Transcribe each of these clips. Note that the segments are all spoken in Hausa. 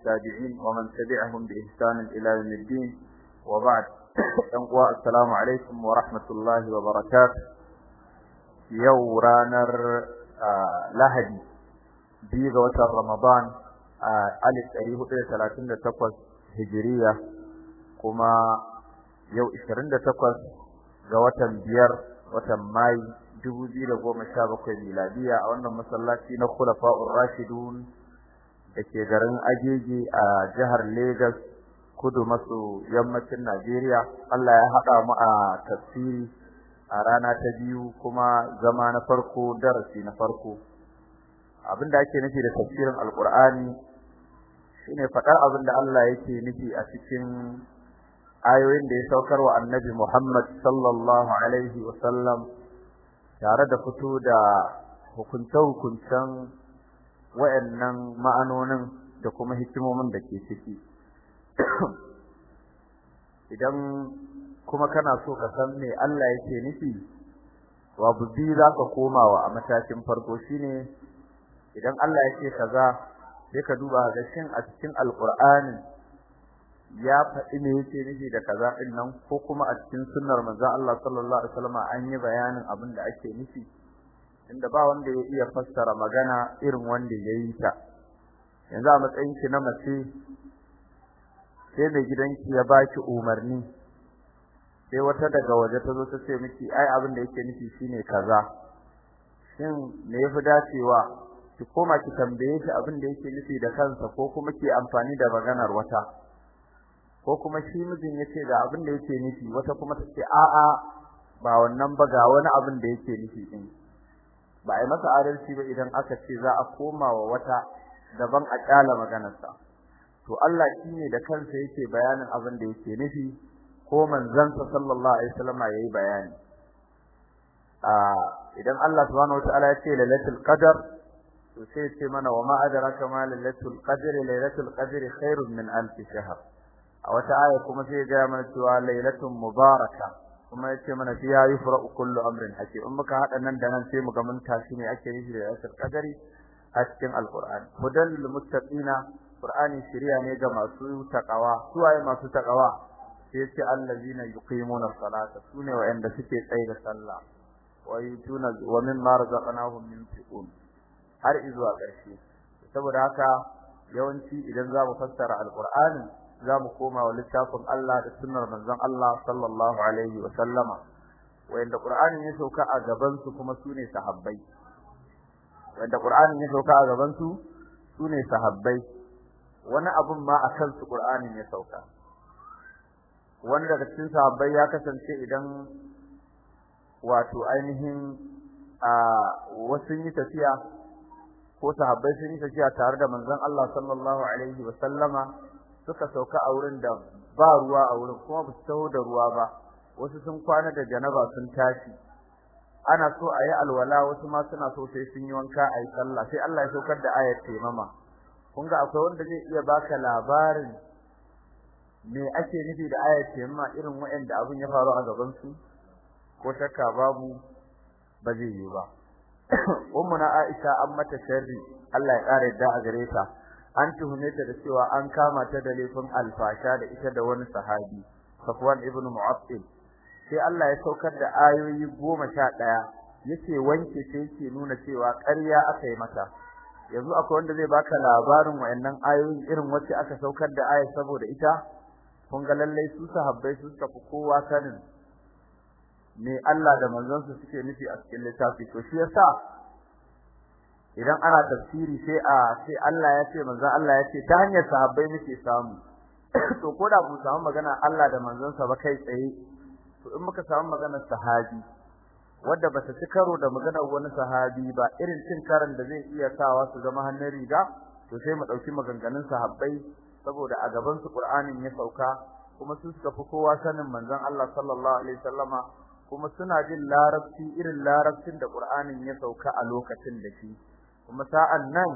التابعين ومن تبعهم بإحسان إلى يوم الدين وبعد السلام عليكم ورحمة الله وبركاته يورانر لهدي biyu ga watan Ramadan a 1438 Hijiriya kuma yau 28 ga watan biyar watan Mai 2017 miladiya a wannan masallaci na Khulafa'ur Rashidun da ke garin Agege a jihar Lagos kudu maso yammacin Najeriya Allah ya haɗa mu a tafsiri a rana ta biyu kuma zama na farko darasi na farko abinda ake nufi da tafsirin alkur'ani shine faɗar da Allah yake nufi a cikin ayoyin da ya saukar wa annabi Muhammad sallallahu alaihi wasallam tare da fito da hukunce-hukuncen wayannan ma'anonin da kuma hikimomin da ke ciki idan kuma kana so ka san me Allah yake nufi wa bubbi zaka komawa a matakin farko shine idan Allah yake kaza sai ka duba ga shin a cikin alqur'ani ya faɗi me yake nufi da kaza din nan ko kuma a cikin sunnar manzo Allah sallallahu alaihi wasallam an yi bayanin abin da ake nufi inda ba wanda ya iya fassara magana irin wanda ya yi ta yanzu a matsayin ki na mace sai mai gidanki ya baki umarni sai wata daga waje ta zo ta ce miki ai abin da yake nufi shine kaza shin me yafi dacewa ki koma ki tambaye shi abin da yake nufi da kansa ko kuma ki amfani da maganar wata ko kuma shi mijin yace ga abin da yake nufi wata kuma ta ce a'a ba wannan ba ga wani abin da yake nufi din ba ai masa adalci ba idan aka ce za a koma wa wata daban a kala maganarsa to Allah shine da kansa yake bayanin abin da yake nufi ko manzansa sallallahu alaihi wasallama yayi bayani idan Allah subhanahu wataala ya ce lailatul qadar to sai ce mana wa ma adraka ma lailatul qadr lailatul qadr khairun min alf shahr a wata aya kuma sai ga mana cewa lailatul mubaraka kuma yace mana fi ya yufra kullu amrin Ake in muka hada nan da nan sai mu ga mun tashi ne ake yi da yasir kadari a cikin alqur'ani hudan lil muttaqina qur'ani shiriya ne ga masu takawa suwaye masu takawa sai yace allazina yuqimuna salata sune wa'anda suke tsaye da sallah wa yutuna wa mimma razaqnahum yunfiqun har izuwa ƙarshe saboda haka yawanci idan za mu fassara alqur'ani za mu koma wa littafin Allah da sunnar manzon Allah sallallahu alaihi wa sallama wanda Qur'anin ya sauka a gaban su kuma sune sahabbai wanda Qur'anin ya sauka a gaban su sune sahabbai wani abun ma akan su Qur'anin ya sauka wani daga cikin sahabbai ya kasance idan wato ainihin a wasu yi tafiya ko sahabbai sun yi tafiya tare da manzon Allah sallallahu alaihi wa sallama suka sauka a wurin da ba ruwa a wurin kuma ba su taho da ruwa ba wasu sun kwana da janaba sun tashi ana so a yi alwala wasu ma suna so sai sun yi wanka a yi sallah sai Allah ya saukar da ayar taimama kun ga akwai wanda zai iya baka labarin me ake nufi da ayar taimama irin waɗanda abin ya faru a gaban su ko taka babu ba zai yi ba ummuna Aisha an mata sharri Allah ya kare da a gare ta an tuhume ta da cewa an kama ta da laifin alfasha da ita da wani sahabi Safwan ibn Mu'attil sai Allah ya saukar da ayoyi 11 yace wanke sai yake nuna cewa ƙarya aka yi mata yanzu akwai wanda zai baka labarin wayannan ayoyin irin wacce aka saukar da aya saboda ita kun ga lalle su sahabbai su ta fi kowa sanin me Allah da manzon su suke nufi a cikin littafi to shi yasa idan ana tafsiri sai a sai Allah ya ce manzon Allah ya ce ta hanyar sahabbai muke samu to koda mu samu magana Allah da manzonsa ba kai tsaye to in muka samu maganar sahabi wanda bata ci karo da maganar wani sahabi ba irin cin karan da zai iya sawa su zama hannun riga to sai mu dauki maganganun sahabbai saboda a gaban su Qur'anin ya sauka kuma su suka fi kowa sanin manzon Allah sallallahu alaihi wasallama kuma suna jin larabci irin larabcin da Qur'anin ya sauka a lokacin da shi kuma sa'an nan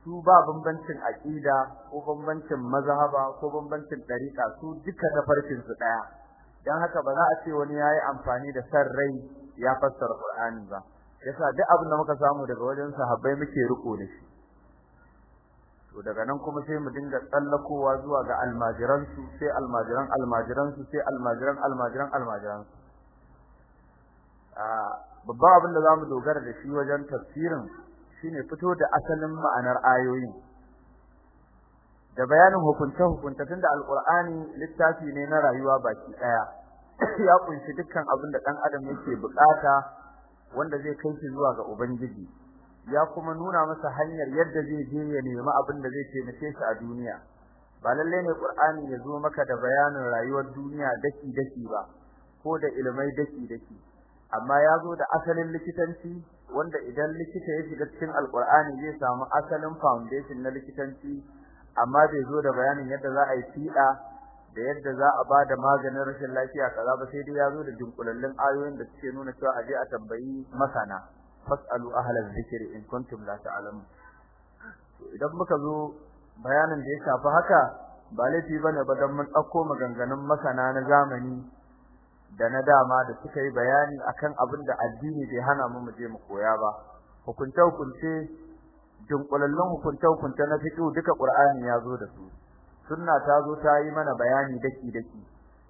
su ba bambancin aqida ko bambancin mazhaba ko bambancin dariqa su duka da farkin su daya dan haka ba za a ce wani yayi amfani da san rai ya fassara Qur'ani ba yasa duk abin da muka samu daga wajen sahabbai muke riko da shi to daga nan kuma sai mu dinga tsallakowa zuwa ga almajiran su sai almajiran almajiran su sai almajiran almajiran almajiran su ah, babban abin da zamu dogara da shi wajen tafsirin shine fito da asalin ma'anar ayoyin da bayanin hukunta hukunta tunda alqur'ani littafi ne na rayuwa baki daya ya kunshi dukkan abin da dan adam yake bukata wanda zai kai shi zuwa ga ubangiji ya kuma nuna masa hanyar yadda zai je ya nemi abin da zai taimake shi a duniya ba lalle ne qur'ani ya zo maka da bayanin rayuwar duniya daki daki ba ko da ilmai daki daki amma ya zo da asalin likitanci wanda idan likita ya shiga cikin alqur'ani zai samu asalin foundation na likitanci amma bai zo da bayanin yadda za a yi fiɗa da yadda za a ba da maganin rashin lafiya kaza ba sai dai ya zo da dunkulallin ayoyin da suke nuna cewa aje a tambayi masana fasalu ahlal zikri in kuntum la to idan muka zo bayanin da ya shafi haka ba laifi bane ba dan mun dauko maganganun masana na zamani da na dama da suka yi bayani akan abin da addini bai hana mu muje mu koya ba hukunta hukunce dunkulallun hukunta hukunta na fitu duka qur'ani ya zo da su sunna ta zo ta yi mana bayani daki daki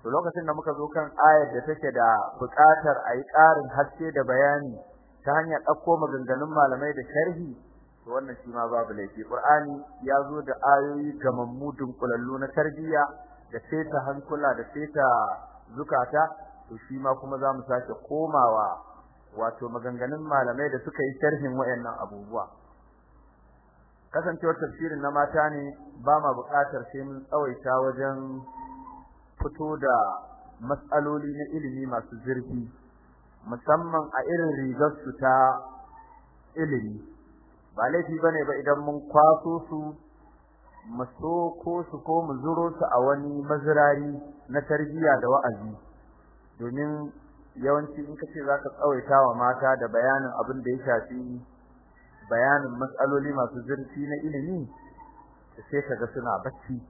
to lokacin da muka zo kan ayar da take da buƙatar yi ƙarin haske da bayani ta hanyar ɗauko maganganun malamai da sharhi to wannan shi ma babu laifi qur'ani ya zo da ayoyi gamammu dunkulallu na tarbiyya da ta hankula da ta zukata to shi ma kuma zamu sake komawa wato maganganun malamai da suka yi sharhin wayannan abubuwa kasancewar tafsirin na mata ne ba ma buƙatar sai mun tsawaita wajen fito da matsaloli na ilimi masu zurfi musamman a irin rigar su ta ilimi ba laifi ne ba idan mun kwaso su mu soko su ko mu zuro su a wani mazirari na tarbiyya da wa'azi domin yawanci in ka ce za ka tsawaita wa mata da bayanin abin da ya shafi bayanin matsaloli masu zurfi na ilimi sai ga suna bacci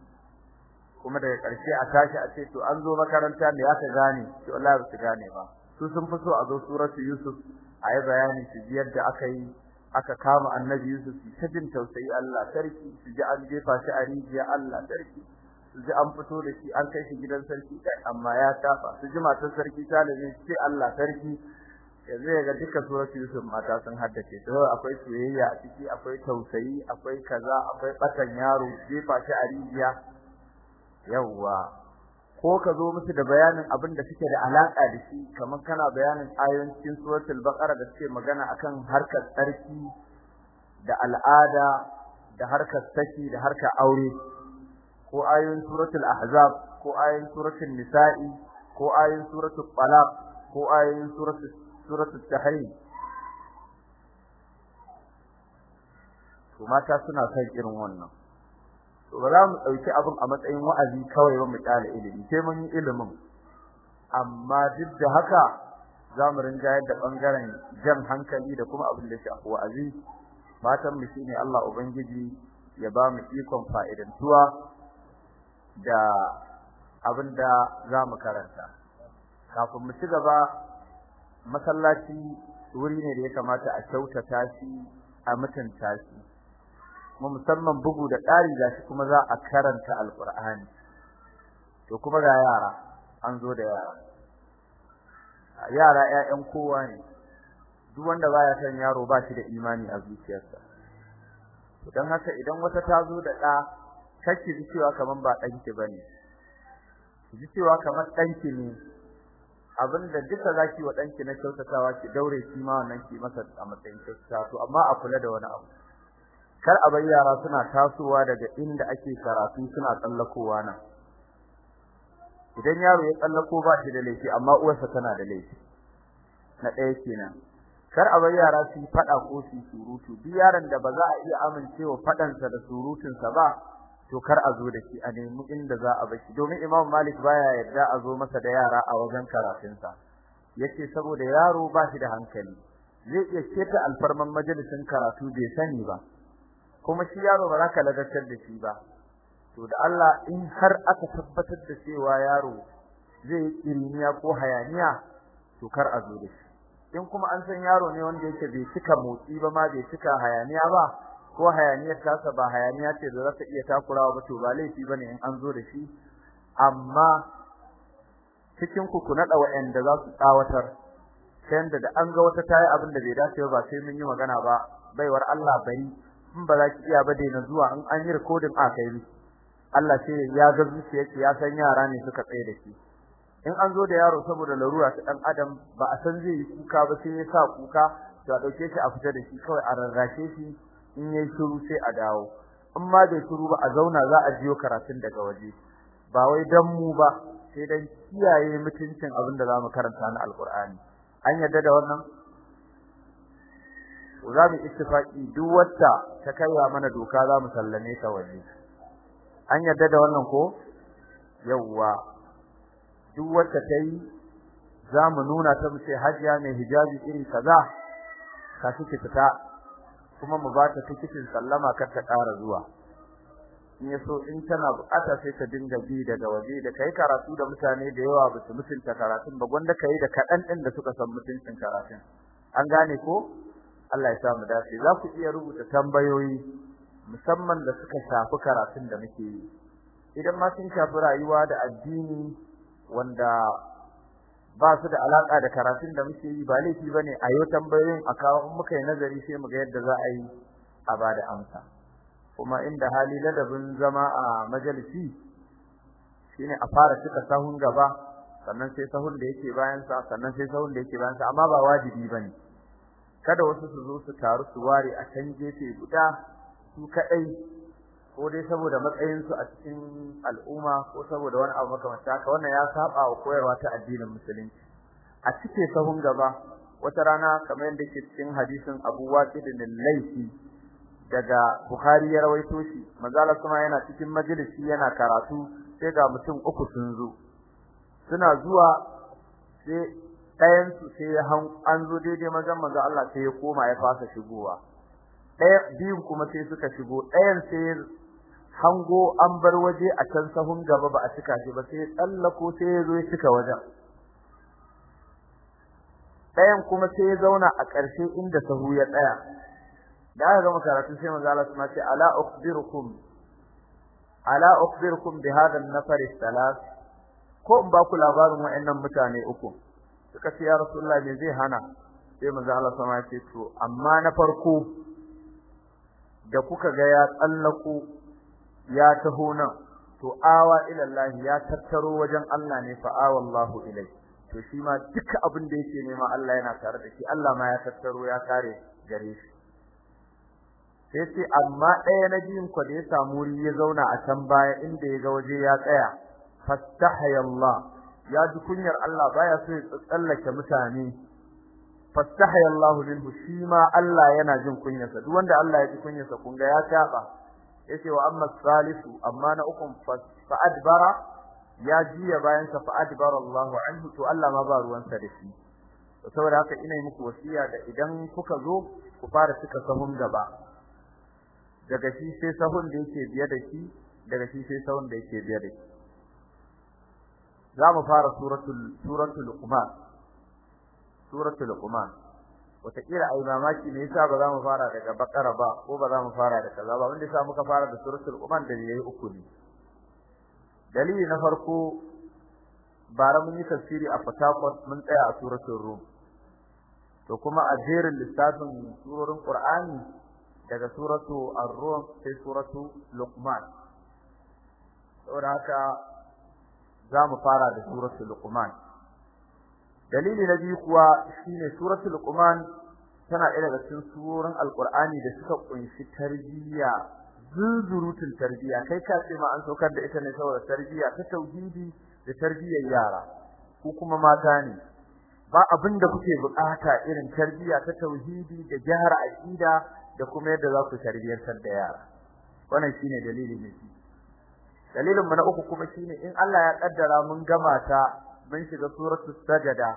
kuma daga ƙarshe a tashi a ce to an zo makaranta me aka gane to Allah ba su gane ba su sun fi so a zo suratu yusuf ayi bayani su ji yadda aka yi aka kama annabi yusuf su ji tausayi Allah sarki su ji an jefa shi a rijiya Allah sarki su an fito da shi an kai shi gidan sarki amma ya tafa su ji matan sarki ta ne ce Allah sarki yanzu ga duka suratu Yusuf mata sun haddace to akwai soyayya a ciki akwai tausayi akwai kaza akwai batan yaro jefa shi a rijiya yawwa ko ka zo musu da bayanin abin da suke da alaka da shi kamar kana bayanin ayoyin cikin suratul baqara da suke magana akan harkar tsarki da al'ada da harkar saki da harkar aure ko ayoyin suratul ahzab ko ayoyin suratul nisa'i ko ayoyin suratul talaq ko ayoyin suratul tahrim to mata suna son irin wannan to ba za mu dauki abin a matsayin wa'azi kawai ba mu kyale ilimi sai mun yi ilimin amma duk da haka za mu ringa yadda bangaren jan hankali da kuma abin da shafi wa'azi fatan mu shine Allah ubangiji ya ba mu ikon fa'idantuwa da abin da za mu karanta kafin mu ci gaba masallaci wuri ne da ya kamata a kyautata shi a mutunta shi mu musamman bugu da ƙari da shi kuma za a karanta alƙur'ani to kuma ga yara an zo da yara yara ƴaƴan kowa ne duk wanda baya son yaro ba shi da imani a zuciyarsa don haka idan wata ta zo da ɗa kake ji cewa kaman ba danki bane ji cewa kaman danki ne abinda duka zaki wa danki na kyautatawa ki daure shi ma wannan ki masa a matsayin kyautata to amma a kula da wani abu kar a bar yara suna tasowa daga inda ake karatu suna tsallakowa nan idan yaro ya tsallako ba shi da laifi amma uwarsa tana da laifi na ɗaya kenan kar a bar yara su fada ko su surutu duk yaron da ba za a iya amincewa fadansa da surutunsa ba to kar a zo da shi a nemi inda za a bashi domin Imam Malik baya yadda a zo masa da yara a wajen karatun sa, yace saboda yaro ba shi da hankali zai iya keta alfarman majalisin karatu bai sani ba kuma shi yaro ba za ka da shi ba to da Allah in har aka tabbatar da cewa yaro zai yi kirniya ko hayaniya to kar a zo da shi in kuma an san yaro ne wanda yake bai cika motsi ba ma bai cika hayaniya ba ko hayaniyar tasa ba hayaniya ce da za ta iya takurawa ba to ba laifi bane in an zo da shi amma cikin ku naɗa nada za su tsawatar sai da an ga wata tayi abin da bai dace ba sai mun yi magana ba baiwar Allah bari in ba za ki iya ba dai na zuwa in an yi recording a kai Allah sai ya ga yake, ya san yara ne suka tsaye da shi in an zo da yaro saboda larura ta dan adam ba a san zai yi kuka ba sai ya sa kuka to a dauke shi a fita da shi kawai a rarrashe shi in yayi shiru sai a dawo in ma bai shiru ba a zauna za a jiyo karatun daga waje ba wai dan mu ba sai dan kiyaye mutuncin abin da zamu karanta na alqur'ani an yadda da wannan uzabi ittifaki duk wata ta kaiwa mana doka zamu sallame ta waje an yadda da wannan ko yawwa duk wata tai zamu nuna ta mu ce hajiya mai hijabi irin kaza ka kitata kuma mu ba tikitin sallama kar ta ƙara zuwa in yaso in tana bukata sai ta dinga bi daga waje da kai karatu da mutane da yawa ba su mutunta karatun ba gwanda kai da kaɗan ɗin da suka san mutuncin karatun an gane ko Allah ya sa mu dace za ku iya rubuta tambayoyi musamman da suka shafi karatun da muke yi idan ma sun shafi rayuwa da addini wanda ba su da alaka da karatun da muke yi ba laifi bane a yau tambayoyin a kawo in muka yi nazari sai mu ga yadda za a yi a ba da amsa kuma inda hali ladabin zama a majalisi shine a fara cika sahun gaba sannan sai sahun da yake bayan sa sannan sai sahun da yake bayan sa amma ba wajibi bane kada wasu su zo su taru su ware a kan gefe guda su kadai ko dai saboda matsayinsu a cikin al'umma ko saboda wani abu makamanta haka wannan ya saba wa koyarwa ta addinin musulunci a cike sahun gaba wata rana kamar yadda ke cikin hadisin Abu Waqid bin laythi daga Bukhari ya rawaito shi manzala kuma yana cikin majalisi yana karatu sai ga mutum uku sun zo suna zuwa sai ɗayan su sai an zo daidai mazan manzo Allah sai ya koma ya fasa shigowa ɗaya biyun kuma sai suka shigo ɗayan sai hango an bar waje a can sahun gaba ba a cika shi ba sai ya tsallako sai ya zo ya cika wajen ɗayan kuma sai ya zauna a ƙarshe inda sahu ya tsaya da aka gama karatu sai manzo Allah suna ce ala ukhbirukum ala ukhbirukum bi hadha an-nafar ath ko in ba ku labarin wayannan mutane uku suka ce ya rasulullahi me zai hana sai manzo Allah sama ce to amma na farko da kuka ga ya tsallako ya taho nan to awa ila Allah ya tattaro wajen Allah ne fa awallahu ilai to shi ma duka abin da yake nema Allah yana tare da shi Allah ma ya tattaro ya kare gare shi sai sai amma ɗaya na biyun ku da ya samu wuri ya zauna a can baya inda ya ga waje ya tsaya fastahaya Allah ya ji kunyar Allah baya so ya tsallake mutane fastahaya Allah minhu shi ma Allah yana jin kunyarsa duk wanda Allah ya ji kunyarsa kun ga ya taba yace wa amma salisu amma na ukun fa adbara ya jiya bayan sa fa adbara Allah anhu to Allah ma ba ruwan sa dashi saboda haka ina yi muku wasiya da idan kuka zo ku fara cika sahun gaba daga shi sai sahun da yake biye da shi daga shi sai sahun da yake biye da shi za mu fara suratul suratul luqman suratul luqman wataƙila ai mamaki me yasa ba za mu fara daga bakara ba ko ba za mu fara da kaza ba wanda yasa muka fara da suratul umar da ya yi uku ne dalili na farko bara mun yi tafsiri a fatakon mun tsaya a suratul rum to kuma a jerin lissafin surorin qur'ani daga suratu ar-rum sai suratu luqman saboda haka za mu fara da suratul luqman dalili na biyu kuwa shine suratul Luqman tana ɗaya daga cikin surorin Alƙur'ani da suka ƙunshi tarbiyya zuzurutun tarbiyya kai ka ce ma an saukar da ita ne saboda tarbiyya ta tauhidi da tarbiyyar yara ku kuma mata ne ba abin da kuke buƙata irin tarbiyya ta tauhidi da jahar aqida da kuma yadda za ku tarbiyyantar da yara wannan shine dalili ne dalilin mu na uku kuma shine in Allah ya ƙaddara mun gama ta mun shiga suratul sajada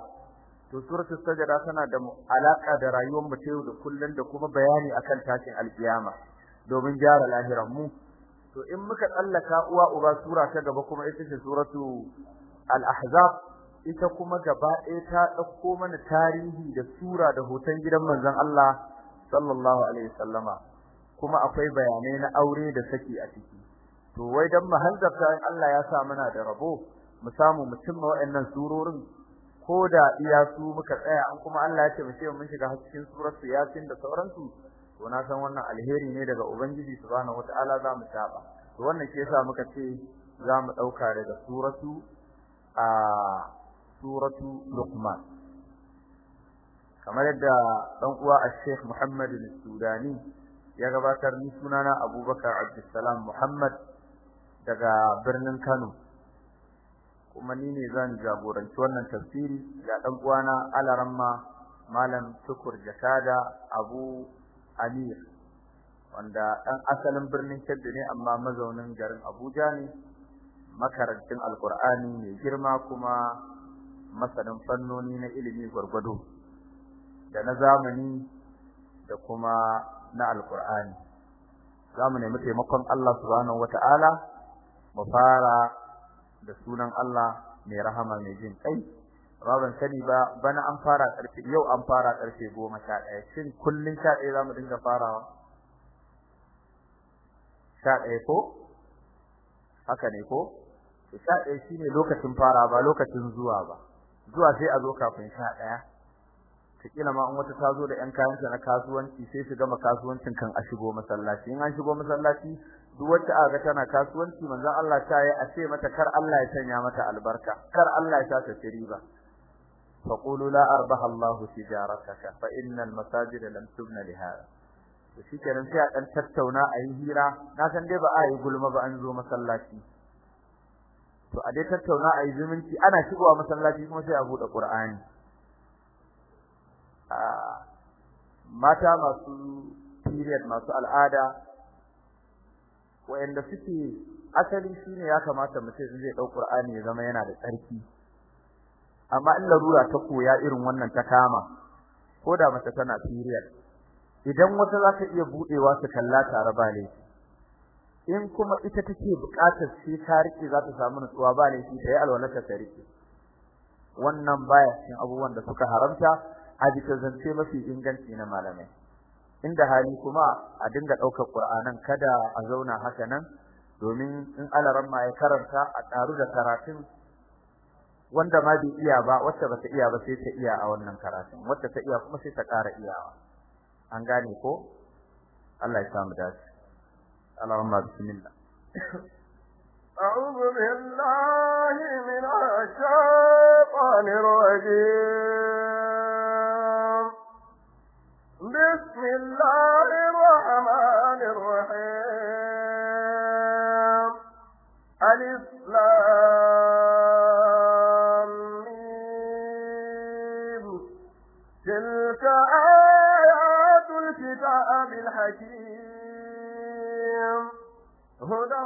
to suratul sajada tana da alaka da rayuwar mu da kullun da kuma bayani akan tashin alkiyama domin gyara lahiran mu to in muka tsallaka uwa uba sura ta gaba kuma ita ce suratu al-ahzab ita kuma gaba ɗaya ta dauko mana tarihi da sura da hoton gidan manzon Allah sallallahu alaihi wasallama kuma akwai bayanai na aure da saki a ciki to wai dan mahanzarta in Allah ya sa muna da rabo mu samu mu cimma waɗannan surorin ko da iya su muka tsaya an kuma Allah ya ce mu ce mun shiga cikin suratu yasin da sauransu to na san wannan alheri ne daga ubangiji subhanahu wataala za mu saba to wannan ke yasa muka ce za mu dauka daga suratu a suratu luqman kamar yadda dan uwa al-Sheikh Muhammad al-Sudani ya gabatar ni sunana Abubakar Abdulsalam Muhammad daga birnin Kano kuma ni ne zan jagoranci wannan tafsiri ga dan uwana Alaramma Malam Tukur Jakada Abu Amir wanda dan asalin birnin Kebbi ne amma mazaunin garin Abuja ne Makarantun Alkur'ani ne girma kuma masanin fannoni na ilimi gwargwado da na zamani da kuma na Alkur'ani zamu nemi taimakon Allah subhanahu wataala mu fara da sunan Allah mai rahama mai jin kai raban sani ba bana an fara karfe yau an fara karfe 11 shin kullun 11 zamu dinga farawa 11 ko haka ne ko 11 shine lokacin fara ba lokacin zuwa ba zuwa sai a zo kafin 11 kila ma in wata ta zo da ƴan kayanta na kasuwanci sai su gama kasuwancin kan a shigo masallaci in an shigo masallaci duk wacce aka tana kasuwanci manzon Allah ta yi a ce mata kar Allah ya sanya mata albarka kar Allah ya sa ta riba qulu la arbaha Allahu tijarataka fa innal masajid lam tubna li hada to shikenan sai a dan tattauna a yi hira na san dai ba a yi gulma ba an zo masallaci to a dai tattauna a yi zumunci ana shigowa masallaci kuma sai a bude Qur'ani ah, mata masu period masu al'ada wayanda suke asali shine ya kamata mutum in zai dau Qur'ani ya zama yana da tsarki amma in larura ta koya irin wannan ta kama ko mace tana period idan wata za ta iya budewa ta kalla tare ba ne in kuma ita take buƙatar sai ta rike za ta samu nutsuwa ba ne ta yi alwalata ta rike wannan baya cikin abubuwan da suka haramta a bisa zance mafi inganci na malamai inda hali kuma a dinga daukar Qur'anin kada a zauna haka nan domin in alaran ma ya karanta a tsaru da karatun wanda ma bai iya ba wacce ba ta iya ba sai ta iya a wannan karatun wacce ta iya kuma sai ta ƙara iyawa an gane ko Allah ya samu dace Allahumma bismillah أعوذ بالله من الشيطان الرجيم بسم الله الرحمن الرحيم الإسلام تلك آيات الكتاب الحكيم هدى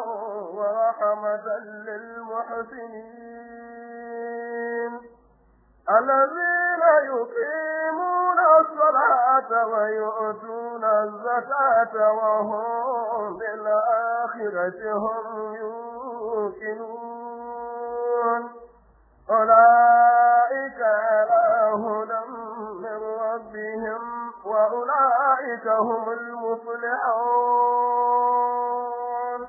ورحمة للمحسنين الذين يقيمون الصلاة ويؤتون الزكاة وهم بالآخرة هم يوقنون أولئك على هدى من ربهم وأولئك هم المفلحون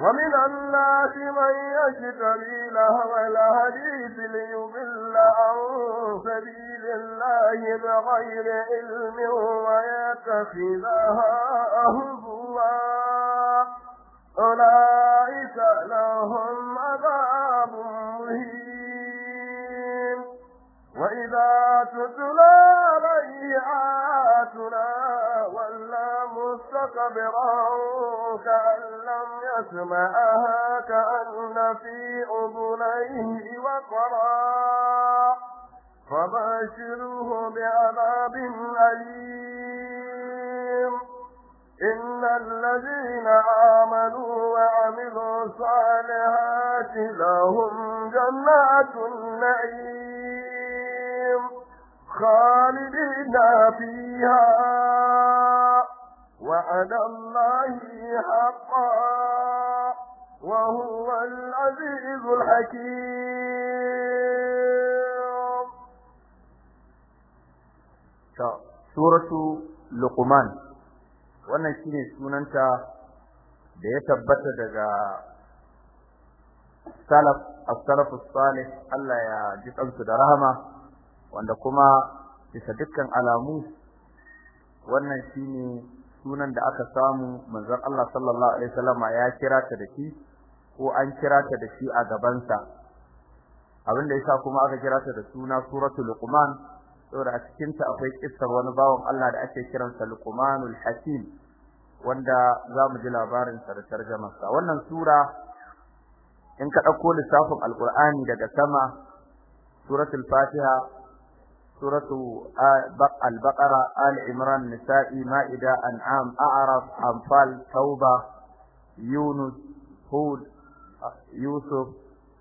ومن الناس من يشتري لهو الحديث ليضل عن سبيل لله بغير علم ويتخذها أهضا أولئك لهم عذاب مهين وإذا تتلى عليه آتنا ولا مستكبرا كأن لم يسمعها كأن في أذنيه وقرا فباشروه بعذاب أليم إن الذين آمنوا وعملوا الصالحات لهم جنات النعيم خالدين فيها وعد الله حقا وهو العزيز الحكيم ta suratu luqman wannan shine sunanta da ya tabbata daga salaf as-salaf as-salih Allah ya ji kansu da rahama wanda kuma bisa dukkan alamu wannan shine sunan da aka samu manzon Allah sallallahu alaihi wasallam ya kira ta da shi ko an kira ta da shi a gabansa abinda yasa kuma aka kira ta da suna suratul luqman saboda a cikin ta akwai kissar wani bawon Allah da ake kiransa Luqmanul Hakim wanda zamu ji labarin sa da tarjumar sa wannan sura in ka dauko lissafin alqur'ani daga sama suratul fatiha suratu al-baqara al-imran nisa'i ma'ida an'am a'raf anfal tauba yunus hud yusuf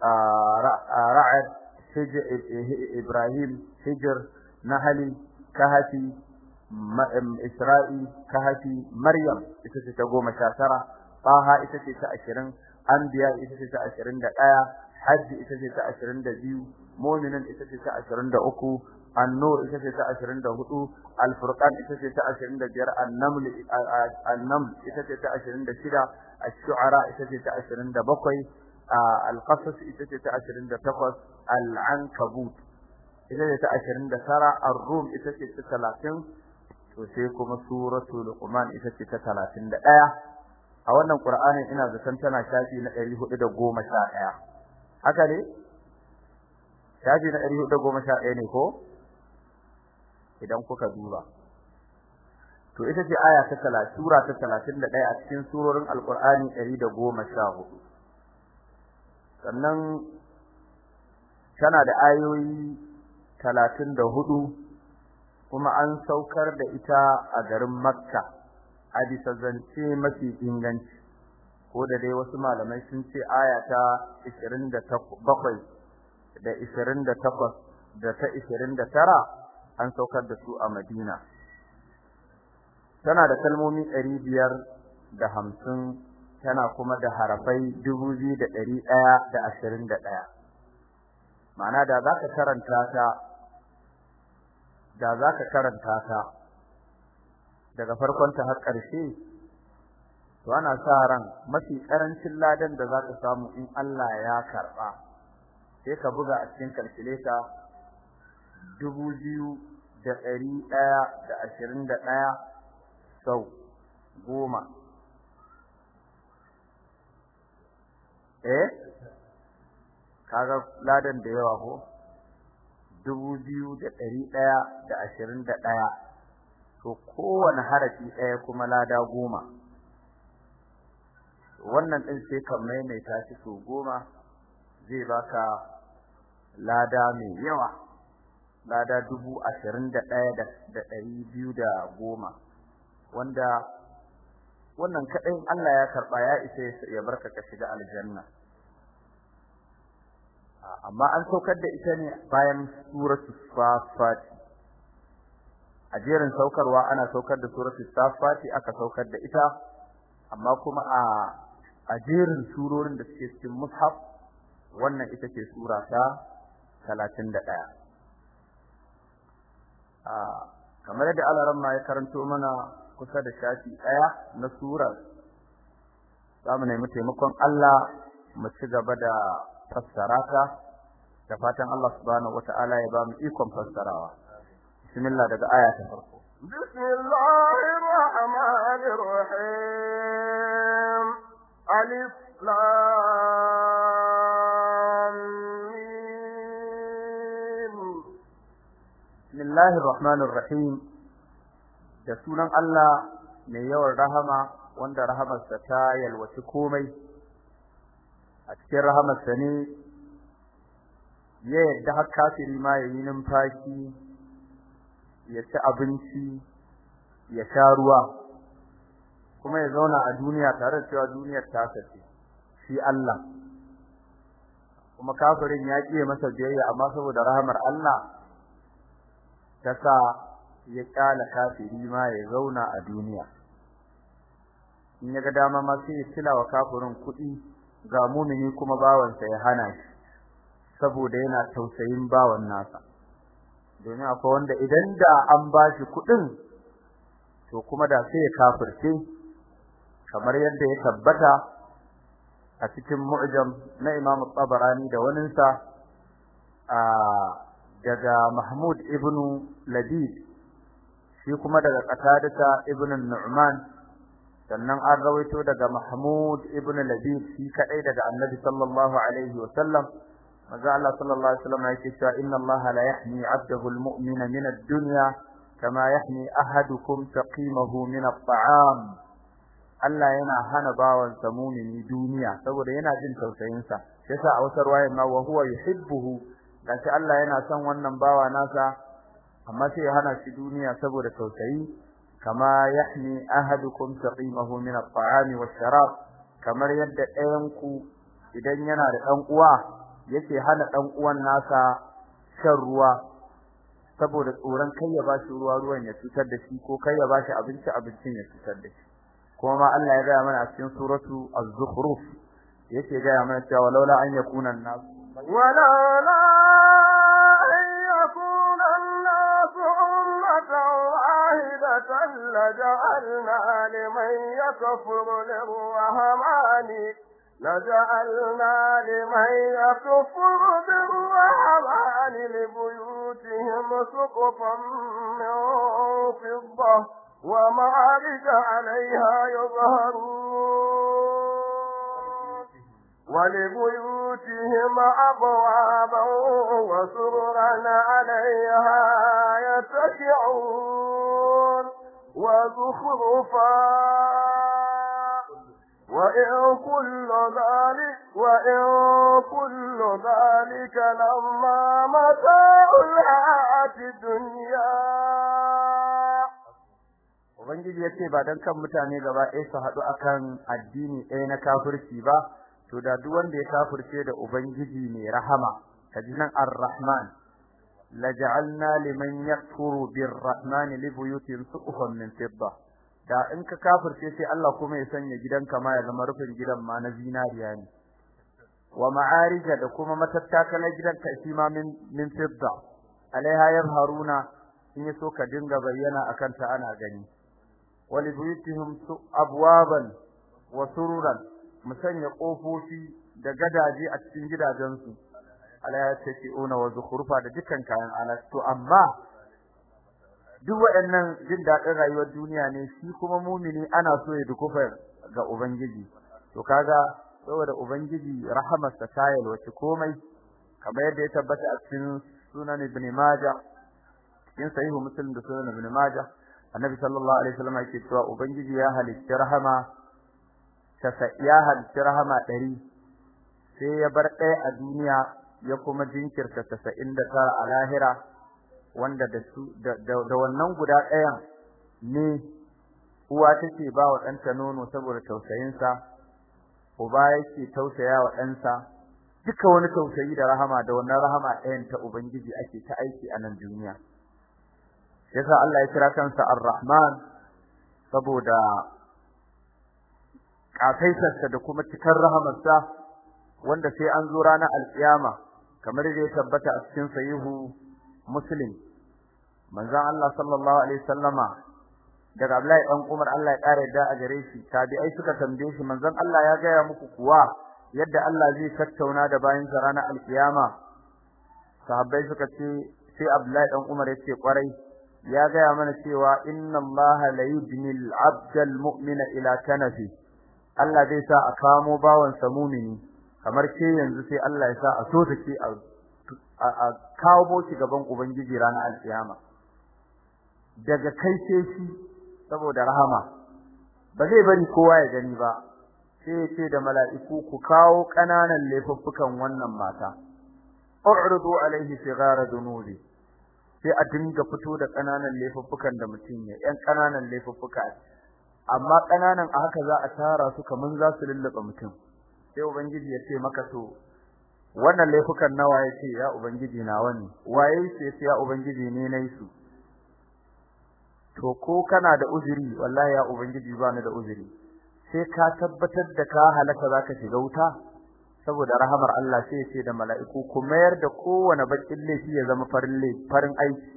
ra'ad hijr ibrahim hijr nahali kahfi isra'i kahfi maryam ita ce ta 19 taha ita ce ta 20 anbiya ita ce ta 21 hajj ita ce ta 22 mu'minun ita ce ta 23 النور ita ce ta 24 al ita ce ta 25 an-naml ita ce ta 26 ash-shu'ara ita ce ta 27 al ita ce ta 28 al ita ce ta 29 ar-rum ita ta 30 to sai kuma suratul luqman ita ce ta 31 a wannan ina zaton tana shafi na 411 haka ne shafi na 411 ne ko idan kuka duba to ita ce aya ta 30 sura ta 31 a cikin surorin alqur'ani 114 sannan tana da ayoyi talatin da hudu kuma an saukar da ita a garin makka a bisa zance mafi inganci ko da dai wasu malamai sun ce aya ta 27 da 28 da ta 29 an saukar da su a madina tana da kalmomi hamsin tana kuma da harafai da 2121 ma'ana da zaka karanta ta da zaka karanta ta daga farkon ta har ƙarshe to ana sa ran mafi karancin ladan da za ka samu in Allah ya karba sai ka buga a cikin calculator 2121 sau goma eh kaga ladan da yawa ko Dubu biyu ɗaya, to kowane harafi ɗaya kuma lada goma wannan din sai ka maimaita shi so goma zai baka lada mai yawa lada dubu da goma, wanda wannan kaɗai Allah ya karɓa ya isa ya barka ka shiga aljanna amma an saukar da ita ne bayan suratul safat a saukarwa ana saukar da suratul safat aka saukar da ita amma kuma a ajerin surorin da suke cikin mushaf wannan ita ce sura ta 31 a kamar da alaramma ya karanto mana kusa da shafi daya na sura zamu nemi taimakon Allah mu ci gaba da fassara da fatan Allah subhanahu wataala ya ba mu ikon fassarawa bismillah daga aya ta farko bismillahir rahmanir rahim alif lam mim bismillahir rahmanir rahim da sunan Allah mai yawan rahama wanda rahamarsa ta yalwaci komai a cikin rahamarsa ne ya yadda har kafiri ma ya yi numfashi ya ci abinci ya sha ruwa kuma ya zauna a duniya tare da cewa duniyar ta sace shi Allah kuma kafirin ya kiye masa biyayya amma saboda rahamar Allah ta sa ya kala kafiri ma ya zauna a duniya in ya ga dama ma sai ya tilawa kafirin kuɗi ga mumini kuma bawansa ya hana shi saboda yana tausayin bawan nasa domin akwai wanda idan da an ba shi kudin to kuma da sai ya kafirce kamar yadda ya tabbata a cikin mu'jam na Imam Tabarani da waninsa a daga Mahmud ibn Labid shi kuma daga Qatadah ibn Nu'man sannan an rawaito daga Mahmud ibn Labib shi kadai daga Annabi sallallahu alaihi wa sallam manzo Allah sallallahu alaihi wa sallam yake cewa inna Allah la yahmi 'abdahu al-mu'mina min ad-dunya kama yahmi ahadukum taqimahu min at-ta'am Allah yana hana bawansa mumini duniya saboda yana jin tausayinsa yasa a wasar waye ma wa huwa yuhibbuhu gashi Allah yana son wannan bawa nasa amma sai ya hana shi duniya saboda tausayi kama yahni ahadukum taqimahu min at-ta'am wash-sharab kamar yadda ɗayan idan yana da ɗan uwa yake hana ɗan uwan nasa shan ruwa saboda tsoron kai ya bashi ruwa ruwan ya cutar da shi ko kai ya bashi abinci abincin ya cutar da shi kuma ma Allah ya gaya mana a cikin suratu az-zukhruf yake gaya mana cewa laula an ya an-nas walaula لجعلنا لمن يكفر للرحمن لجعلنا لمن يكفر بالرحمن لبيوتهم سقفا من فضة ومعارج عليها يظهرون ولبيوتهم أبوابا وسررا عليها يتكعون وزخرفا وإن كل ذلك وإن كل ذلك لما متاع الحياة الدنيا Ubangiji ya ce ba don kan mutane gaba ɗaya su haɗu akan addini ɗaya na kafirci ba, to da duk wanda ya kafirce da Ubangiji mai rahama, ka ji nan Ar-Rahman, لجعلنا لمن يكفر بالرحمن لبيوت سقفا من فضة da in ka kafirce sai Allah kuma ya sanya gidanka ma ya zama rufin gidan ma na zinariya ne wa ma'arija da kuma matattaka na gidanka shi ma min min fidda alaiha yadharuna in yaso ka dinga bayyana akan ta ana gani wa li buyutihim abwaban wa sururan musanya kofofi da gadaje a cikin gidajensu ala yataki'una wa zukhrufa da dukkan kayan ana to amma duk waɗannan jin daɗin rayuwar duniya ne shi kuma mumini ana so ya dukufa ga ubangiji to kaga saboda ubangiji rahamarsa ta yalwace komai kamar yadda ya tabbata a cikin sunan ibn majah cikin sahihu muslim da sunan ibn majah annabi sallallahu alaihi wasallam yake cewa ubangiji ya halitta rahama ta ya halitta rahama dari sai ya bar ɗaya a duniya ya kuma jinkirta 99 a lahira wanda da su da wannan guda ɗayan ne uwa take ba wa ɗanta nono saboda tausayinsa uba yake tausaya wa ɗansa duka wani tausayi da rahama da wannan rahama ɗayan ta ubangiji ake ta aiki a nan duniya yasa Allah ya kira kansa Ar-Rahman saboda kafaisarsa da kuma cikar rahamarsa wanda sai an zo ranar alkiyama kamar da ya tabbata a cikin sahihu muslim manzo Allah sallallahu alaihi wasallama daga Abdullahi dan Umar Allah ya kare da a gare shi tabi'ai suka tambaye shi manzon Allah ya gaya muku kuwa yadda Allah zai tattauna da bayin sa ranar alkiyama sahabbai suka ce sai Abdullahi dan Umar ya ce kwarai ya gaya mana cewa inna Allah la yudnil abdal mu'mina ila kanafi Allah zai sa a kamo bawan sa mumini kamar ke yanzu sai Allah ya sa a so take a kawo shi gaban ubangiji ranar alkiyama daga kai sai shi saboda rahama ba zai bari kowa ya gani ba sai ya ce da mala'iku ku kawo kananan laifuffukan wannan mata urdu alaihi sigar dunubi sai a dinga fito da kananan laifuffukan da mutum ya yan kananan laifuffuka amma kananan a haka za a tara su kaman za su lullube mutum sai ubangiji ya ce maka to wannan laifukan nawa yace ya ubangiji na wani waye ce ya ubangiji ne nayi su to ko kana da uzuri wallahi ya ubangiji ba ni da uzuri sai ka tabbatar da ka halaka zaka shiga wuta saboda rahamar Allah sai ya ce da mala'iku ku mayar da kowane bakin laifi ya zama farin farin aiki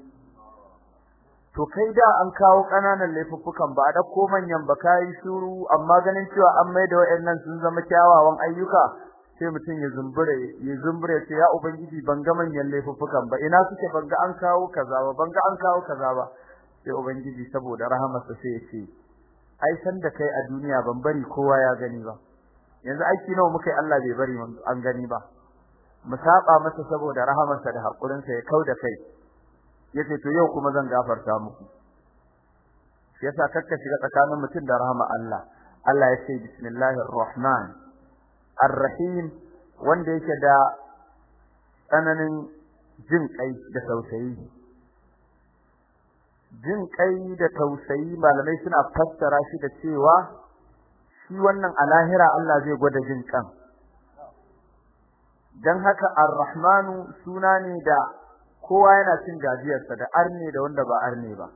to kai da an kawo kananan laifuffukan ba da ko manyan ba kai shiru amma ganin cewa an mai da wayannan sun zama kyawawan ayyuka sai mutun ya zumbure ya zumbure sai ya ubangiji banga manyan laifuffukan ba ina suke banga an kawo kaza ba banga an kawo kaza ba sai ubangiji saboda rahamarsa sai ya ce ai san da kai a duniya ban bari kowa ya gani ba yanzu aiki nawa muka yi Allah bai bari an gani ba mu saba masa saboda rahamarsa da hakurinsa ya kauda kai yace to yau kuma zan gafarta muku shi yasa kakka shiga tsakanin mutum da rahama Allah Allah yace bismillahir rahman arrahim wanda yake da tsananin jin kai da tausayi jin kai da tausayi malamai suna fassara shi da cewa shi wannan alahira Allah zai gwada jin kan dan haka arrahmanu suna ne da kowa yana cin gajiyarsa da arne da wanda ba arne ba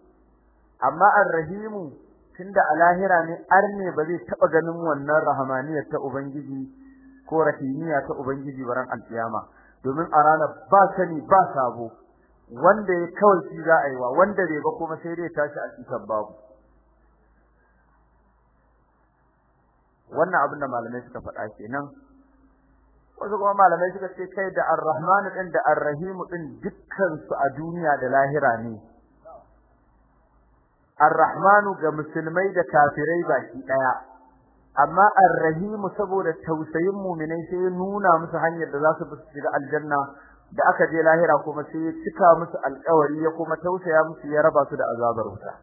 amma arrahimu tunda a lahira ne arne ba zai taba ganin wannan rahamaniyar ta ubangiji ko rahimiya ta ubangiji baran alkiyama domin a rana ba sani ba sabo wanda ya kawai shi za a yi wa wanda bai ba kuma sai dai tashi a cikin babu wannan abin da malamai suka faɗa kenan wasu kuma malamai suka ce kai da ar-rahman din da ar-rahim din dukkan su a duniya da lahira ne ar-rahman ga musulmai da kafirai baki daya amma ar-rahim saboda tausayin mu'minai sai nuna musu hanyar da za su bi aljanna da aka je lahira kuma sai ya cika musu alƙawari ya kuma tausaya musu ya raba su da azabar wuta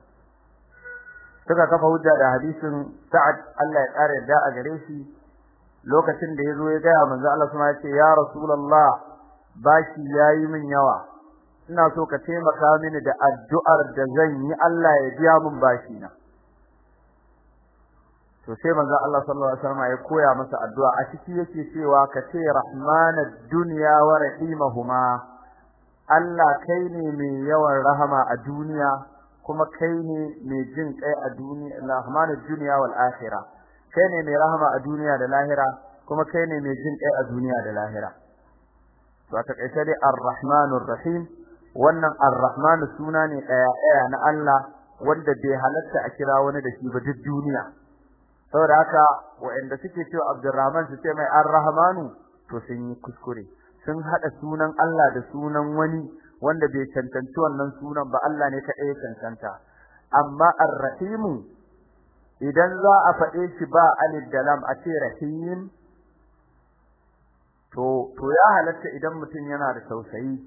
suka kafa hujja da hadisin Sa'ad Allah ya kare da a gare shi lokacin da yazo ya gaya manzo Allah sama yace ya rasulullah bashi yayi min yawa ina so ka taimaka mini da addu'ar da zan yi Allah ya biya min bashi na to sai manzo Allah sallallahu alaihi wasallam ya koya masa addu'a a ciki yake cewa ka ce rahmana dunya wa rahimahuma Allah kai ne mai yawan rahama a duniya kuma kai ne mai jin kai a duniya rahmanad dunya wal akhirah kai ne mai rahama a duniya da lahira kuma kai ne mai jin kai a duniya da lahira to a takaice dai ar-rahmanur rahim wannan ar-rahman suna ne daya daya na Allah wanda bai halatta a kira wani da shi ba duk duniya saboda haka wanda suke cewa Abdurrahman su ce mai ar-rahmanu to sun yi kuskure sun hada sunan Allah da sunan wani wanda bai cancanci wannan sunan ba Allah ne ka ɗaya cancanta amma ar-rahimu idan za a faɗe shi ba alif da lam a ce rahim to to ya halatta idan mutum yana da tausayi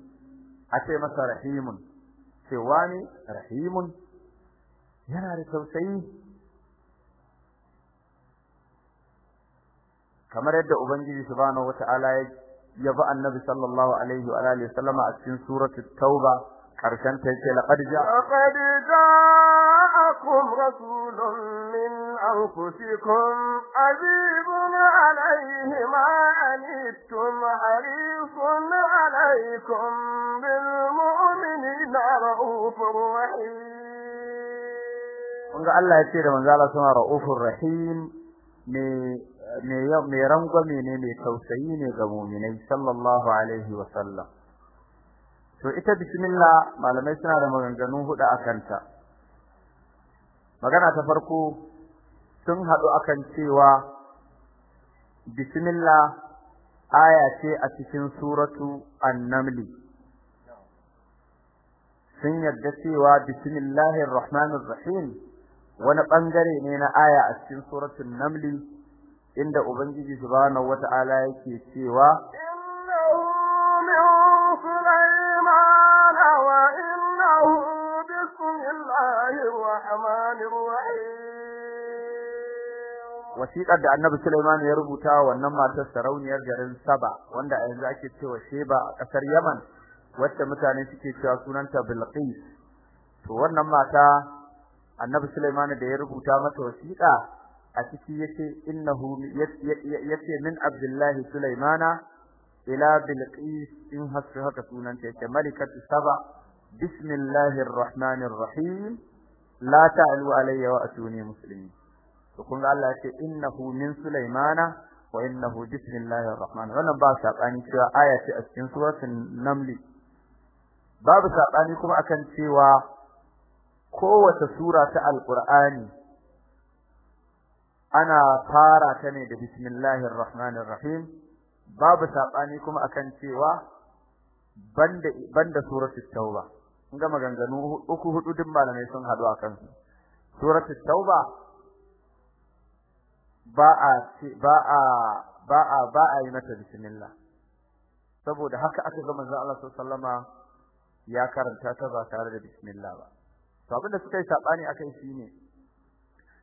a ce masa rahimun ce wani rahimun yana da tausayi kamar yadda ubangiji subhanahu wataala ya yaba annabi sallallahu alaihi wa alihi wasallama a cikin suratul tauba karshen ta yake laqad jaa laqad jaakum rasulun min anfusikum azibun alayhi ma anittum harisun alaykum bil mu'minina raufur rahim kunga Allah yace da manzo Allah suna raufur rahim me me me rangwame ne me tausayi ne ga mu'minai sallallahu alaihi wa sallam to ita bismillah malamai suna da maganganu huɗu akan ta magana ta farko sun hadu akan cewa bismillah aya ce a cikin suratu an-naml sun yarda cewa bismillahir rahmanir rahim wani bangare ne na aya a cikin suratun namli, inda ubangiji subhanahu wataala yake cewa الله الرحمن الرحيم da Annabi Sulaiman ya rubuta wannan matar sarauniyar garin Saba wanda a yanzu ake cewa Sheba a ƙasar Yaman wacce mutane suke cewa sunanta Bilqis to wannan mata Annabi Sulaiman da ya rubuta mata wasiƙa a ciki yake innahu yace min Abdullahi Sulaimana ila Bilqis in hasu haka sunanta yace malikatu Saba bismillahir rahmanir la ta'lu alayya wa atuni muslimin to kun ga Allah ya ce innahu min sulaimana wa innahu bismillahir rahmanir wannan ba sabani cewa aya ce a cikin suratul naml babu sabani kuma akan cewa kowace sura ta alqur'ani ana fara ta ne da bismillahir rahmanir rahim babu sabani kuma akan cewa banda banda suratul tauba kun ga maganganu uku hudu din malamai sun hadu akan su tauba ba a ba a ba a ba a yi mata bismillah saboda haka aka ga manzo Allah sallama ya karanta ta ba tare da bismillah ba to abinda suka yi sabani akai shine